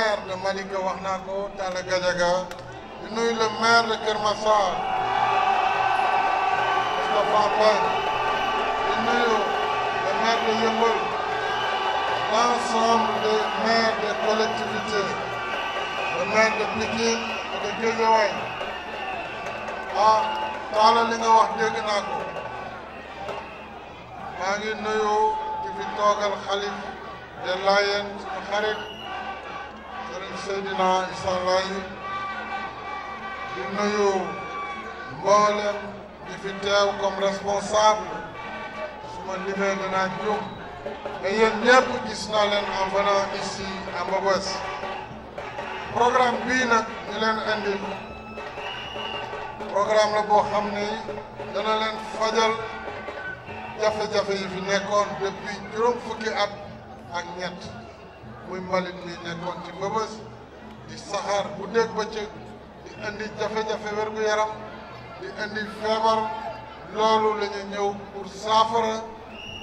maire de Malika Wahnako, naa ko Talla Gadiaga di le maire de Kermassa. Massar Moustapha le maire de Yeumbeul l'ensemble des maires des collectivités le maire de Pikine et de Kézéway, ah Talla li nga wax dégg naa ko maa ngi nuyu di fi toogal xalif de Layène suñu Seydina Issa Laye di nuyu mboolem di fi teew comme responsable su ma limee danaa jóg mais yéen ñëpp gis naa leen en venant ici à Mbabas programme bii nag ñu leen indil programme la boo xam ne dana leen fajal jafe-jafe yi fi nekkoon depuis juróom fukki at ak ñett muy mbalit mi nekkoon ci mbëbës di saxaar bu dégg bëccëg di indi jafe-jafe wér-gu-yaram di indi feebar loolu la ñu ñëw pour saafara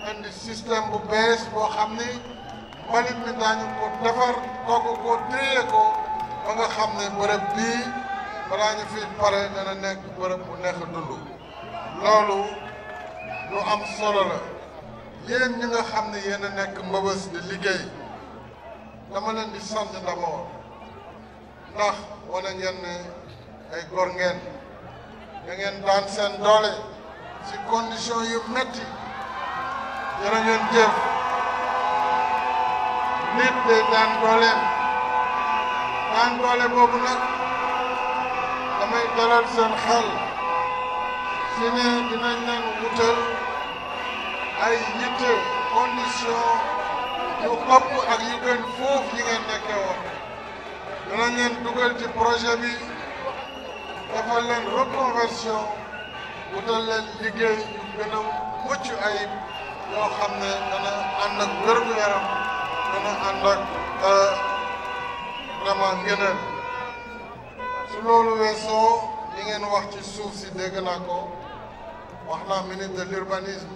indi système bu bees boo xam ni mbalit mi daañu ko defar togg ko trier ko ba nga xam ne bërëb bii balaa ñu fi pare dana nekk bërëb bu neex dund loolu lu am solo la yéen ñi nga xam ne yéen a nekk mbëbës di liggéey dama leen di sant d'abord ndax wane ngeen ne ay góor ngeen da ngeen daan seen doole ci condition yu metti jërë jëf nit day daan dooleem daan doole boobu nag damay dalal seen xel ci ne dinañ leen wutal ay yitte condition yu ëpp ak yu gën yi ngeen nekkee woon danañ leen projet bi defal leen reconversion wutal liggéey yu mucc ayib yoo xam ne dana ànd ak wér-gu-yaram dana ànd ak euh, vraiment ngëneel su loolu weesoo li ngeen wax ci suuf si dégg naa wax naa ministre de l'urbanisme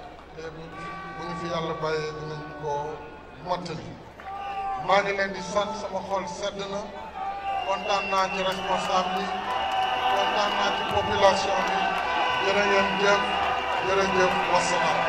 te bu ñu fi yàlla bàyyee dinañ koo mottali maa ngi leen di sant sama xol sedd na kontaan naa ci responsable bi kontaan naa ci population bi jërë ngeen jëf jërëjëf wasalaam